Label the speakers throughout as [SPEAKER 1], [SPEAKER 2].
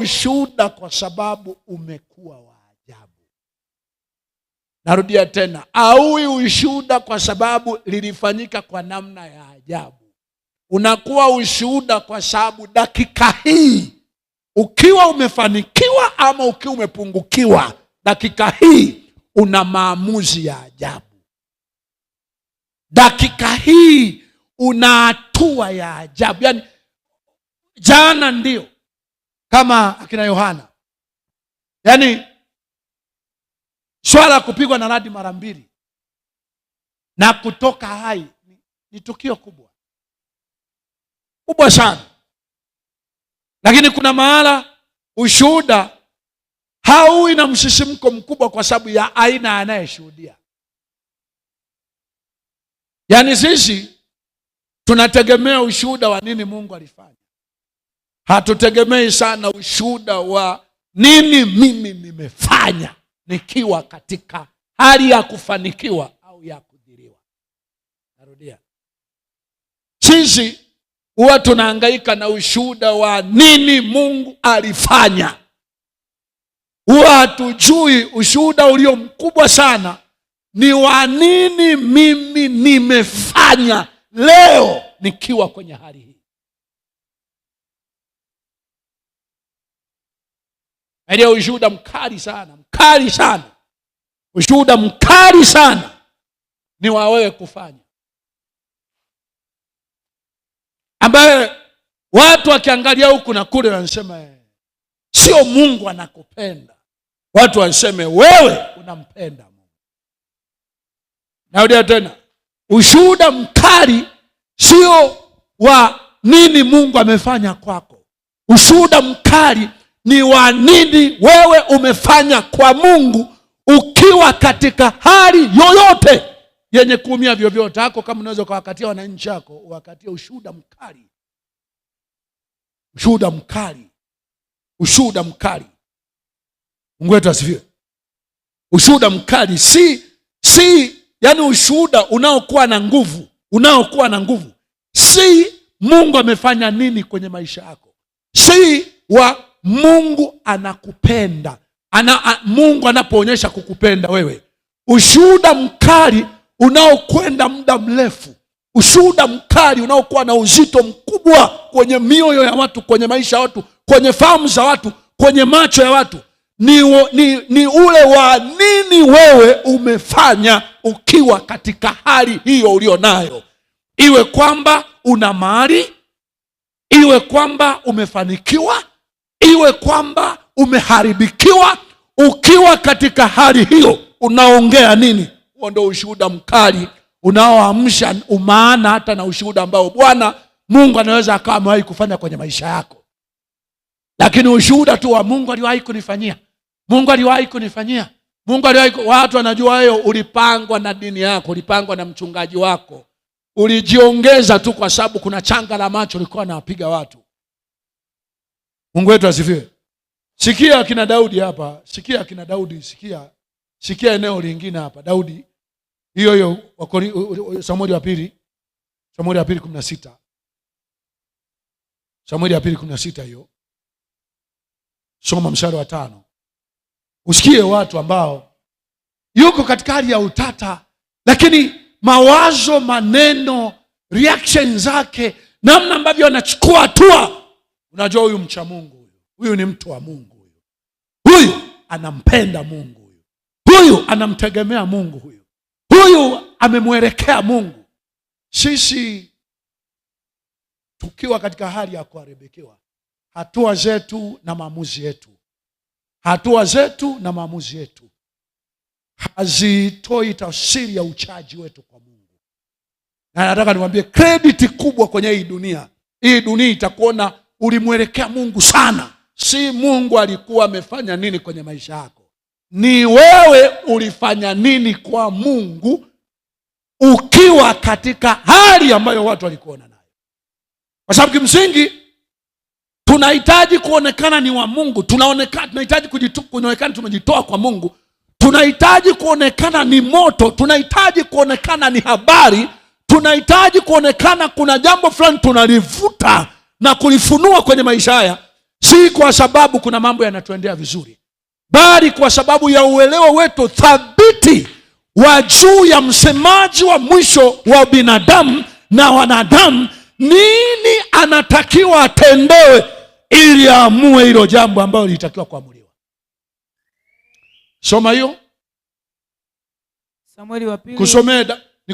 [SPEAKER 1] Ushuhuda kwa sababu umekuwa wa ajabu. Narudia tena, aui ushuhuda kwa sababu lilifanyika kwa namna ya ajabu. Unakuwa ushuhuda kwa sababu dakika hii ukiwa umefanikiwa ama ukiwa umepungukiwa, dakika hii una maamuzi ya ajabu. Dakika hii una hatua ya ajabu. Yaani jana ndio kama akina Yohana. Yaani swala kupigwa na radi mara mbili na kutoka hai ni, ni tukio kubwa kubwa sana, lakini kuna mahala ushuhuda hauwi na msisimko mkubwa kwa sababu ya aina anayeshuhudia. Yaani sisi tunategemea ushuhuda wa nini Mungu alifanya. Hatutegemei sana ushuhuda wa nini mimi nimefanya nikiwa katika hali ya kufanikiwa au ya kudhiriwa. Narudia, sisi huwa tunahangaika na ushuhuda wa nini Mungu alifanya. Huwa hatujui ushuhuda ulio mkubwa sana ni wa nini mimi nimefanya leo nikiwa kwenye hali hii. ndio ushuhuda mkali sana, mkali sana, ushuhuda mkali sana ni wa wewe kufanya, ambaye watu wakiangalia huku na kule wanasema eh, sio Mungu anakupenda, watu waseme wewe unampenda Mungu. naudia tena, ushuhuda mkali sio wa nini Mungu amefanya kwako, ushuhuda mkali ni wa nini wewe umefanya kwa Mungu ukiwa katika hali yoyote yenye kuumia vyovyote hako, kama unaweza ukawakatia wananchi wako, wakatia ushuhuda mkali, ushuhuda mkali, ushuhuda mkali. Mungu wetu asifiwe. Ushuhuda mkali si si, yani ushuhuda unaokuwa na nguvu, unaokuwa na nguvu, si Mungu amefanya nini kwenye maisha yako, si wa Mungu anakupenda ana, a, Mungu anapoonyesha kukupenda wewe, ushuhuda mkali unaokwenda muda mrefu, ushuhuda mkali unaokuwa na uzito mkubwa kwenye mioyo ya watu, kwenye maisha ya watu, kwenye fahamu za watu, kwenye macho ya watu ni, ni, ni ule wa nini wewe umefanya ukiwa katika hali hiyo ulio nayo, iwe kwamba una mali, iwe kwamba umefanikiwa iwe kwamba umeharibikiwa. Ukiwa katika hali hiyo, unaongea nini? Huo ndio ushuhuda mkali unaoamsha umaana hata na ushuhuda ambao Bwana Mungu anaweza akawa amewahi kufanya kwenye maisha yako, lakini ushuhuda tu wa Mungu aliwahi kunifanyia, Mungu aliwahi kunifanyia, Mungu aliwahi. Watu wanajua wewe ulipangwa na dini yako, ulipangwa na mchungaji wako, ulijiongeza tu, kwa sababu kuna changa la macho ulikuwa nawapiga watu Mungu wetu asifiwe. Sikia akina Daudi hapa, sikia akina Daudi, sikia sikia eneo lingine hapa. Daudi hiyo hiyo Samueli wa pili, Samueli wa pili kumi na sita, Samueli wa pili kumi na sita hiyo, soma mstari wa tano. Usikie watu ambao yuko katika hali ya utata, lakini mawazo, maneno, reaction zake, namna ambavyo anachukua hatua Unajua huyu mcha Mungu huyu, huyu ni mtu wa Mungu huyu, huyu anampenda Mungu huyu, huyu anamtegemea Mungu huyu, huyu amemwelekea Mungu. Sisi tukiwa katika hali ya kuharibikiwa, hatua zetu na maamuzi yetu, hatua zetu na maamuzi yetu hazitoi tafsiri ya uchaji wetu kwa Mungu, na nataka niwaambie, krediti kubwa kwenye hii dunia, hii dunia itakuona ulimwelekea Mungu sana, si Mungu alikuwa amefanya nini kwenye maisha yako, ni wewe ulifanya nini kwa Mungu ukiwa katika hali ambayo watu walikuona nayo, kwa sababu kimsingi tunahitaji kuonekana ni wa Mungu, tunahitaji kuonekana tumejitoa kwa Mungu, tunahitaji kuonekana ni moto, tunahitaji kuonekana ni habari, tunahitaji kuonekana kuna jambo fulani tunalivuta na kulifunua kwenye maisha haya, si kwa sababu kuna mambo yanatuendea vizuri, bali kwa sababu ya uelewa wetu thabiti wa juu ya msemaji wa mwisho wa binadamu na wanadamu, nini anatakiwa atendewe ili aamue hilo jambo ambalo lilitakiwa kuamuliwa. Soma hiyo kusomee,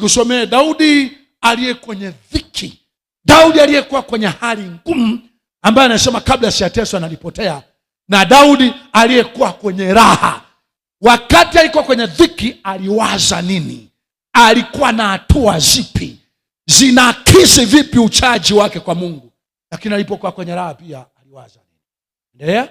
[SPEAKER 1] kusomee Daudi aliye kwenye dhiki Daudi aliyekuwa kwenye hali ngumu, ambaye anasema kabla sijateswa nalipotea, na Daudi aliyekuwa kwenye raha, wakati alikuwa kwenye dhiki, aliwaza nini? Alikuwa na hatua zipi zinaakisi vipi uchaji wake kwa Mungu? Lakini alipokuwa kwenye raha pia aliwaza nini? Endelea.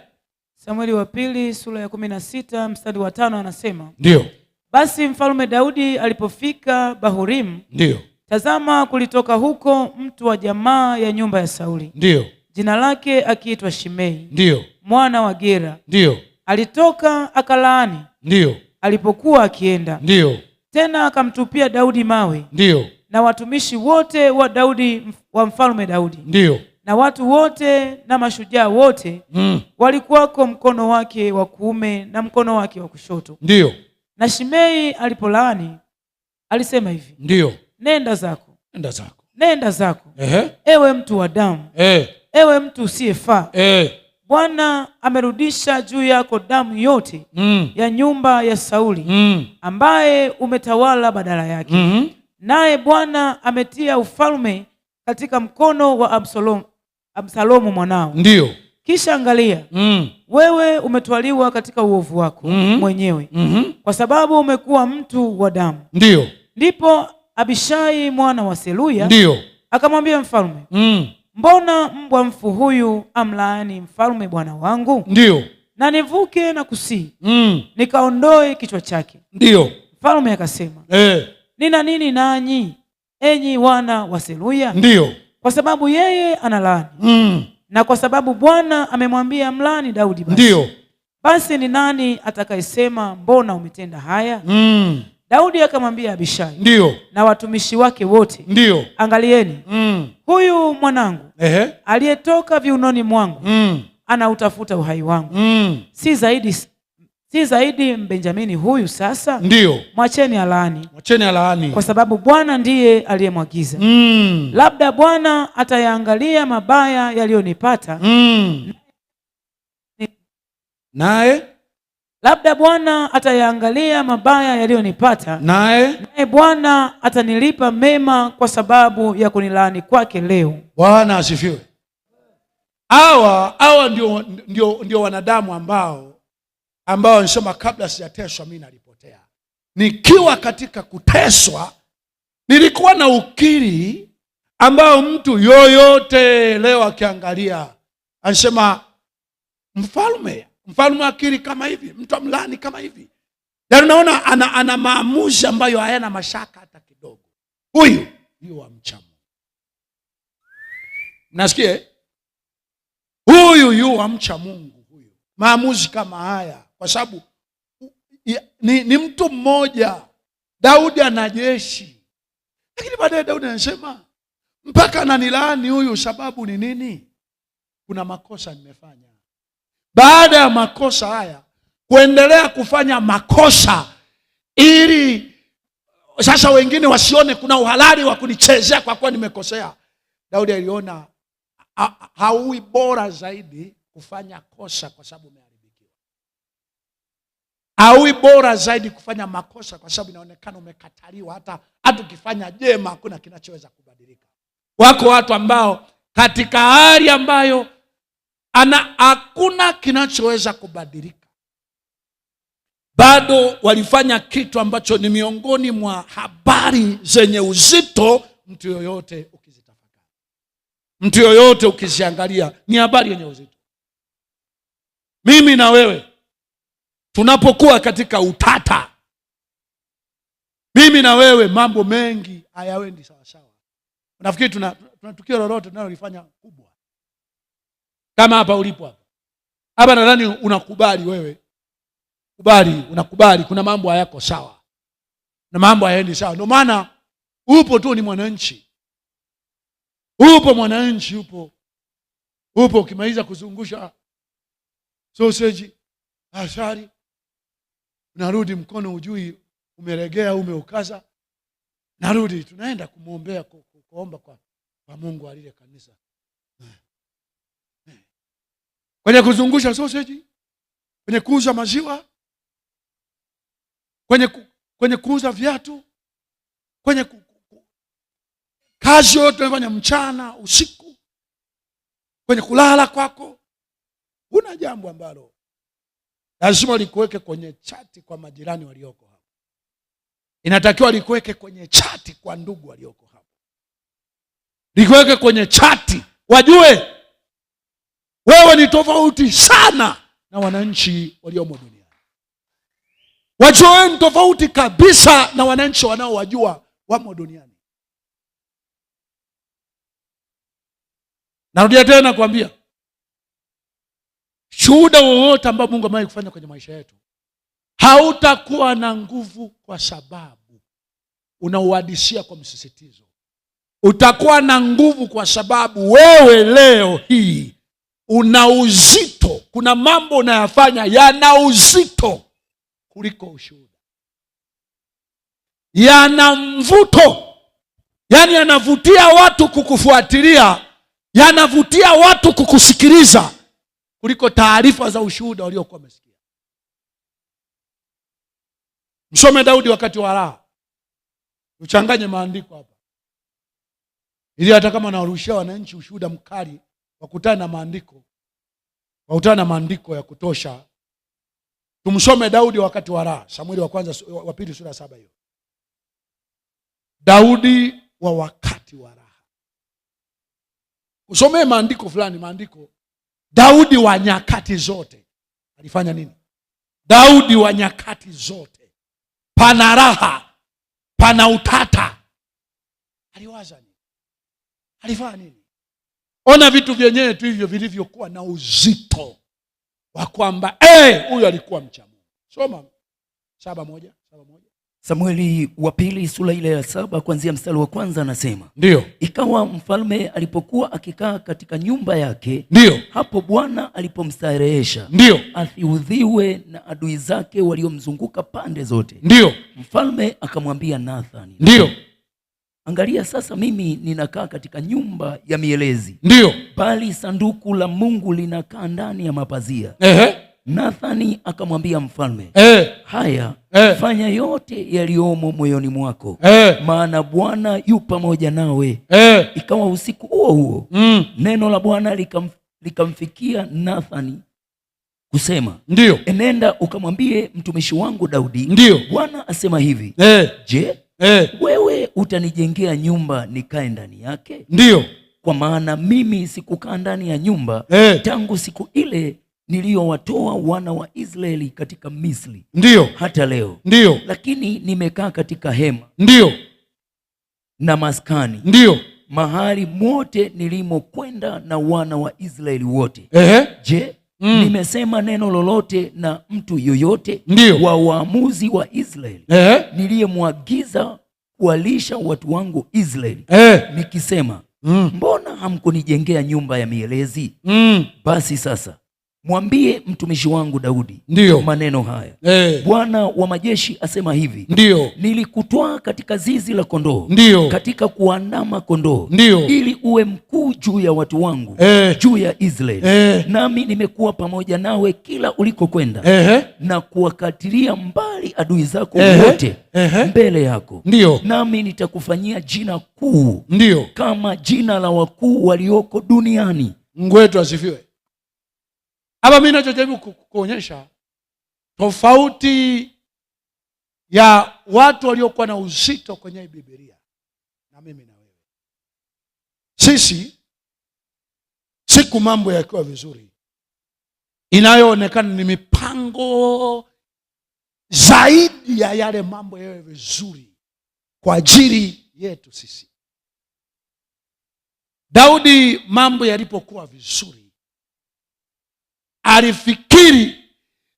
[SPEAKER 2] Samueli wa pili sura ya kumi na sita mstari wa tano anasema, ndio. basi mfalme Daudi alipofika Bahurimu, ndio Tazama, kulitoka huko mtu wa jamaa ya nyumba ya Sauli, ndio jina lake akiitwa Shimei, ndio mwana wa Gera, ndio alitoka akalaani, ndio alipokuwa akienda, ndio tena akamtupia Daudi mawe, ndio na watumishi wote wa Daudi wa mfalme Daudi, ndio na watu wote na mashujaa wote mm. walikuwako mkono wake wa kuume na mkono wake wa kushoto. ndio Na Shimei alipolaani alisema hivi, ndio nenda zako, nenda zako, nenda zako. Ehe. Ewe mtu wa damu, e. ewe mtu usiyefaa, e. Bwana amerudisha juu yako damu yote mm. ya nyumba ya Sauli mm. ambaye umetawala badala yake mm -hmm. naye Bwana ametia ufalme katika mkono wa Absalomu, Absalomu mwanao. ndio Kisha angalia mm. wewe umetwaliwa katika uovu wako mm -hmm. mwenyewe mm -hmm. kwa sababu umekuwa mtu wa damu. ndio Ndipo Abishai mwana wa Seruya ndio akamwambia mfalme mm. Mbona mbwa mfu huyu amlaani mfalme bwana wangu? Ndio. Na nivuke na kusii mm. nikaondoe kichwa chake. Ndio. Mfalme akasema eh, nina nini nanyi enyi wana wa Seruya? Ndio. Kwa sababu yeye analaani mm. na kwa sababu Bwana amemwambia mlaani Daudi. Basi ndio, basi ni nani atakayesema mbona umetenda haya? mm. Daudi akamwambia Abishai, ndio, na watumishi wake wote, ndio, angalieni mm. huyu mwanangu aliyetoka viunoni mwangu mm. anautafuta uhai wangu mm. si zaidi si zaidi Mbenjamini huyu sasa? Ndio, mwacheni alaani,
[SPEAKER 1] mwacheni alaani,
[SPEAKER 2] kwa sababu Bwana ndiye aliyemwagiza.
[SPEAKER 1] mm.
[SPEAKER 2] Labda Bwana atayaangalia mabaya yaliyonipata
[SPEAKER 1] mm. naye
[SPEAKER 2] Labda Bwana atayaangalia mabaya yaliyonipata,
[SPEAKER 1] naye naye
[SPEAKER 2] Bwana atanilipa mema kwa sababu ya kunilaani kwake leo.
[SPEAKER 1] Bwana asifiwe. Hawa hawa ndio, ndio, ndio wanadamu ambao ambao nisema kabla sijateswa mimi nalipotea. Nikiwa katika kuteswa nilikuwa na ukiri ambao mtu yoyote leo akiangalia anasema mfalme Mfalme akiri kama hivi, mtu amlani kama hivi. Yaani unaona ana, ana maamuzi ambayo hayana mashaka hata kidogo. Huyu ndio wa mcha Mungu. Huyu yu wa mcha Mungu huyu. Maamuzi kama haya kwa sababu ni, ni mtu mmoja Daudi ana jeshi. Lakini baadaye Daudi anasema mpaka ananilaani huyu, sababu ni nini? Kuna makosa nimefanya baada ya makosa haya kuendelea kufanya makosa ili sasa wengine wasione kuna uhalali wa kunichezea kwa kuwa nimekosea. Daudi aliona hauwi bora zaidi kufanya kosa kwa sababu umeharibikiwa, hauwi bora zaidi kufanya makosa kwa sababu inaonekana umekataliwa. Hata hata ukifanya jema hakuna kinachoweza kubadilika. Wako watu ambao katika hali ambayo ana hakuna kinachoweza kubadilika. Bado walifanya kitu ambacho ni miongoni mwa habari zenye uzito mtu yoyote ukizitafakari, mtu yoyote ukiziangalia, ni habari yenye uzito. Mimi na wewe tunapokuwa katika utata, mimi na wewe, mambo mengi hayawendi sawasawa. Nafikiri tuna, tuna tukio lolote tunalolifanya kubwa kama hapa ulipo hapa hapa, nadhani unakubali wewe, kubali, unakubali kuna mambo hayako sawa na mambo hayaendi sawa. Ndio maana upo tu, ni mwananchi, upo mwananchi, upo upo, ukimaliza kuzungusha soseji ashari unarudi mkono, ujui umelegea, umeukaza, narudi, tunaenda kumwombea kuomba kwa, kwa Mungu alile kanisa kwenye kuzungusha soseji, kwenye kuuza maziwa, kwenye, ku, kwenye kuuza viatu, kwenye ku, ku, kazi yote unafanya mchana usiku, kwenye kulala kwako, kuna jambo ambalo lazima likuweke kwenye chati kwa majirani walioko hapo, inatakiwa likuweke kwenye chati kwa ndugu walioko hapo, likuweke kwenye chati wajue wewe ni tofauti sana na wananchi waliomo duniani. ni tofauti kabisa na wananchi wanaowajua wamo duniani. Narudia tena kuambia, shuhuda wowote ambao Mungu amewahi kufanya kwenye maisha yetu hautakuwa na nguvu, kwa sababu unauhadisia kwa msisitizo. Utakuwa na nguvu kwa sababu wewe leo hii una uzito. Kuna mambo unayafanya yana uzito kuliko ushuhuda, yana mvuto, yaani yanavutia watu kukufuatilia, yanavutia watu kukusikiliza kuliko taarifa za ushuhuda waliokuwa wamesikia. Msome Daudi wakati wa raha, uchanganye maandiko hapa, ili hata kama nawarushia wananchi ushuhuda mkali wakutane na maandiko, wakutana na maandiko ya kutosha. Tumsome Daudi wakati wa raha, Samueli wa kwanza wa pili sura saba hiyo. Daudi wa wakati wa raha, usomee maandiko fulani, maandiko Daudi wa nyakati zote alifanya nini? Daudi wa nyakati zote, pana raha, pana utata, aliwaza nini? Alifanya nini? Ona vitu vyenyewe tu hivyo vilivyokuwa na uzito wa kwamba huyu hey, alikuwa mcha Mungu. Soma saba moja, saba moja.
[SPEAKER 2] Samueli wa pili sura ile ya saba kuanzia mstari wa kwanza anasema ndio, ikawa mfalme alipokuwa akikaa katika nyumba yake, ndio hapo Bwana alipomstarehesha, ndio athiudhiwe na adui zake waliomzunguka pande zote, ndio mfalme akamwambia Nathani, ndio Angalia sasa, mimi ninakaa katika nyumba ya mielezi, ndio bali sanduku la Mungu linakaa ndani ya mapazia. Ehe. Nathani akamwambia mfalme eh, haya eh, fanya yote yaliyomo moyoni mwako eh, maana Bwana yu pamoja nawe eh. Ikawa usiku huo huo mm, neno la Bwana likamf- likamfikia Nathani kusema ndio, enenda ukamwambie mtumishi wangu Daudi, ndio Bwana asema hivi eh, je eh, wewe utanijengea nyumba nikae ndani yake? ndio kwa maana mimi sikukaa ndani ya nyumba hey, eh. tangu siku ile niliyowatoa wana wa Israeli katika Misri, ndio hata leo, ndio lakini nimekaa katika hema, ndio na maskani, ndio mahali mote nilimokwenda na wana wa Israeli wote. Ehe. Je, mm. nimesema neno lolote na mtu yoyote? Ndiyo. wa waamuzi wa Israeli niliyemwagiza kuwalisha watu wangu Israeli eh, nikisema mm, mbona hamkunijengea nyumba ya mielezi mm? Basi sasa Mwambie mtumishi wangu Daudi ndio maneno haya hey. Eh. Bwana wa majeshi asema hivi ndio nilikutwaa katika zizi la kondoo ndio katika kuandama kondoo ndio ili uwe mkuu juu ya watu wangu hey. Eh. juu ya Israeli hey. Eh. Nami nimekuwa pamoja nawe kila ulikokwenda hey. na kuwakatilia mbali adui zako wote hey. mbele yako ndio nami nitakufanyia jina kuu ndio kama jina la wakuu walioko duniani.
[SPEAKER 1] Mungu asifiwe. Hapa mimi nachojaribu kuonyesha tofauti ya watu waliokuwa na uzito kwenye Biblia na mimi na wewe. Sisi siku mambo yakiwa vizuri, inayoonekana ni mipango zaidi ya yale mambo yawe vizuri kwa ajili yetu sisi. Daudi mambo yalipokuwa vizuri alifikiri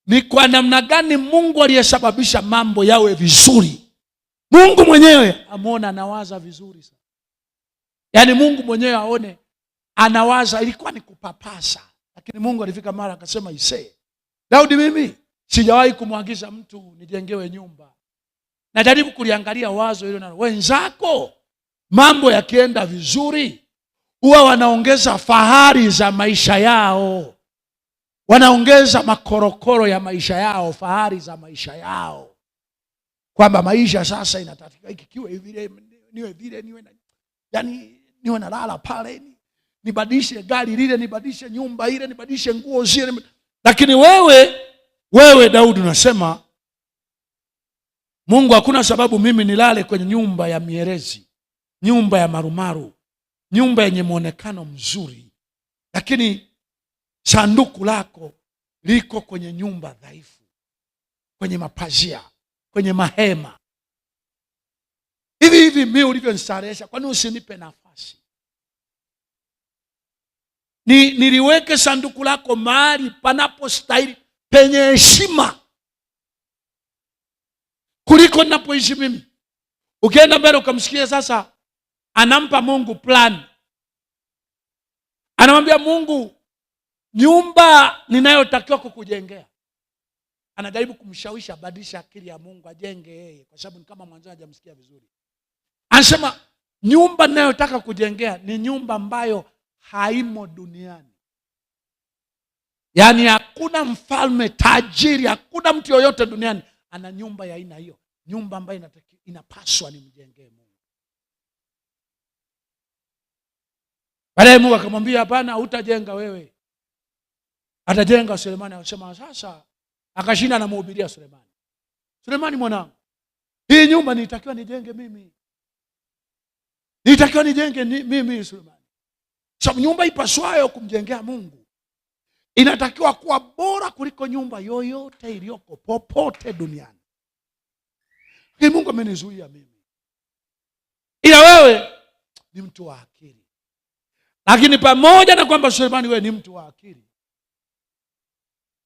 [SPEAKER 1] ni kwa namna gani Mungu aliyesababisha mambo yawe vizuri, Mungu mwenyewe amuona anawaza vizuri sana, yaani Mungu mwenyewe aone anawaza ilikuwa ni kupapasa, lakini Mungu alifika mara akasema, isee, Daudi, mimi sijawahi kumwagiza mtu nijengewe nyumba. Najaribu kuliangalia wazo hilo nalo. Wenzako mambo yakienda vizuri, huwa wanaongeza fahari za maisha yao. Wanaongeza makorokoro ya maisha yao, fahari za maisha yao, kwamba maisha sasa inatakiwa hiki kiwe vile, niwe vile, niwe na yani, niwe nalala pale, nibadilishe gari lile, nibadilishe nyumba ile, nibadilishe nguo zile. Lakini wewe wewe Daudi unasema Mungu, hakuna sababu mimi nilale kwenye nyumba ya mierezi, nyumba ya marumaru, nyumba yenye mwonekano mzuri, lakini Sanduku lako liko kwenye nyumba dhaifu, kwenye mapazia, kwenye mahema. Hivi hivi mi ulivyonistarehesha, kwani usinipe nafasi ni niliweke sanduku lako mahali panapostahili penye heshima kuliko ninapoishi mimi. Ukienda mbele ukamsikia sasa, anampa Mungu plan, anamwambia Mungu nyumba ninayotakiwa kukujengea. Anajaribu kumshawishi abadilishe akili ya Mungu ajenge yeye, kwa sababu ni kama mwanzo hajamsikia vizuri. Anasema nyumba ninayotaka kujengea ni nyumba ambayo haimo duniani, yaani hakuna mfalme tajiri, hakuna mtu yoyote duniani ana nyumba ya aina hiyo, nyumba ambayo inapaswa nimjengee Mungu. Baadaye Mungu akamwambia, hapana, hutajenga wewe atajenga Sulemani akasema sasa, akashinda anamuhubiria Sulemani, Sulemani mwanangu, hii nyumba nitakiwa nijenge mimi, nitakiwa nijenge ni, mimi Sulemani, sababu nyumba ipaswayo kumjengea Mungu inatakiwa kuwa bora kuliko nyumba yoyote iliyoko popote duniani. Lakini Mungu amenizuia mimi, ila wewe ni mtu wa akili. Lakini pamoja na kwamba Sulemani wewe ni mtu wa akili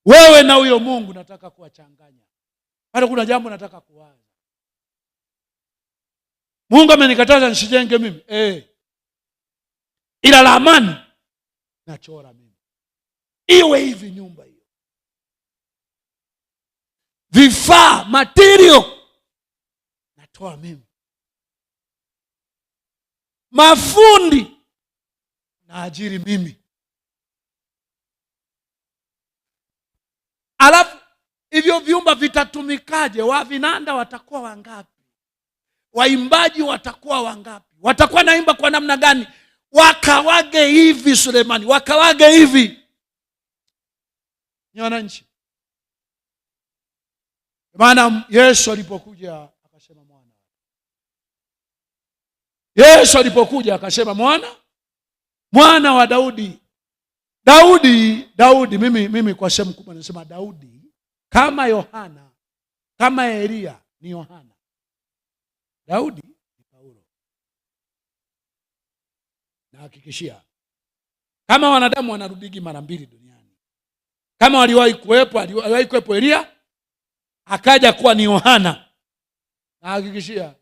[SPEAKER 1] wewe na huyo Mungu nataka kuwachanganya. Hata kuna jambo nataka kuwaza. Mungu amenikataza nisijenge mimi eh, ila la amani nachora mimi, iwe hivi nyumba hiyo, vifaa matirio natoa mimi, mafundi naajiri mimi, alafu hivyo vyumba vitatumikaje? Wavinanda watakuwa wangapi? Waimbaji watakuwa wangapi? Watakuwa naimba kwa namna gani? Wakawage hivi Sulemani, wakawage hivi ni wananchi. Maana Yesu alipokuja akasema mwana, Yesu alipokuja akasema mwana, mwana wa Daudi Daudi, Daudi mimi, mimi kwa sehemu kubwa nasema Daudi kama Yohana kama Elia ni Yohana, Daudi ni Paulo. Nahakikishia kama wanadamu wanarudigi mara mbili duniani, kama waliwahi kuwepo, aliwahi kuwepo Elia akaja kuwa ni Yohana. Nahakikishia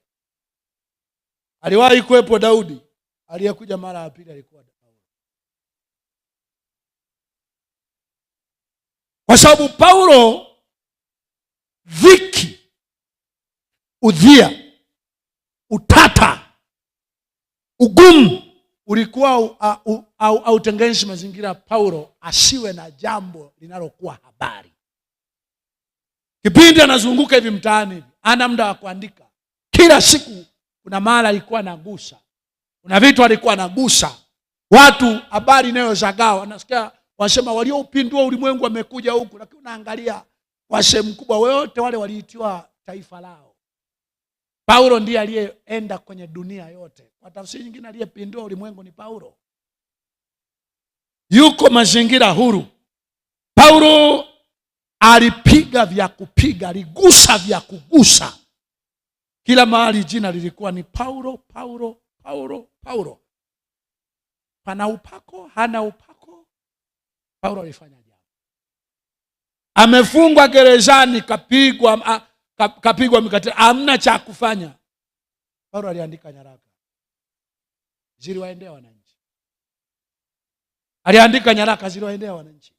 [SPEAKER 1] aliwahi kuwepo Daudi, aliyekuja mara ya pili alikuwa Kwa sababu Paulo, dhiki, udhia, utata, ugumu ulikuwa hautengenezi mazingira Paulo asiwe na jambo linalokuwa habari. Kipindi anazunguka hivi mtaani hivi, ana muda wa kuandika kila siku. Kuna mara alikuwa gusa kuna vitu alikuwa gusa watu, habari inayozagaa wanasikia wasema waliopindua ulimwengu wamekuja huku, lakini unaangalia kwa sehemu kubwa wote wale waliitiwa taifa lao. Paulo ndiye aliyeenda kwenye dunia yote. Kwa tafsiri nyingine, aliyepindua ulimwengu ni Paulo. Yuko mazingira huru. Paulo alipiga vya kupiga, aligusa vya kugusa. Kila mahali jina lilikuwa ni Paulo, Paulo, Paulo, Paulo. Pana upako, hana upako Paulo alifanya jambo, amefungwa gerezani, kapigwa kapigwa mikate, amna cha kufanya. Paulo aliandika nyaraka ziliwaendea wananchi, aliandika nyaraka ziliwaendea wananchi.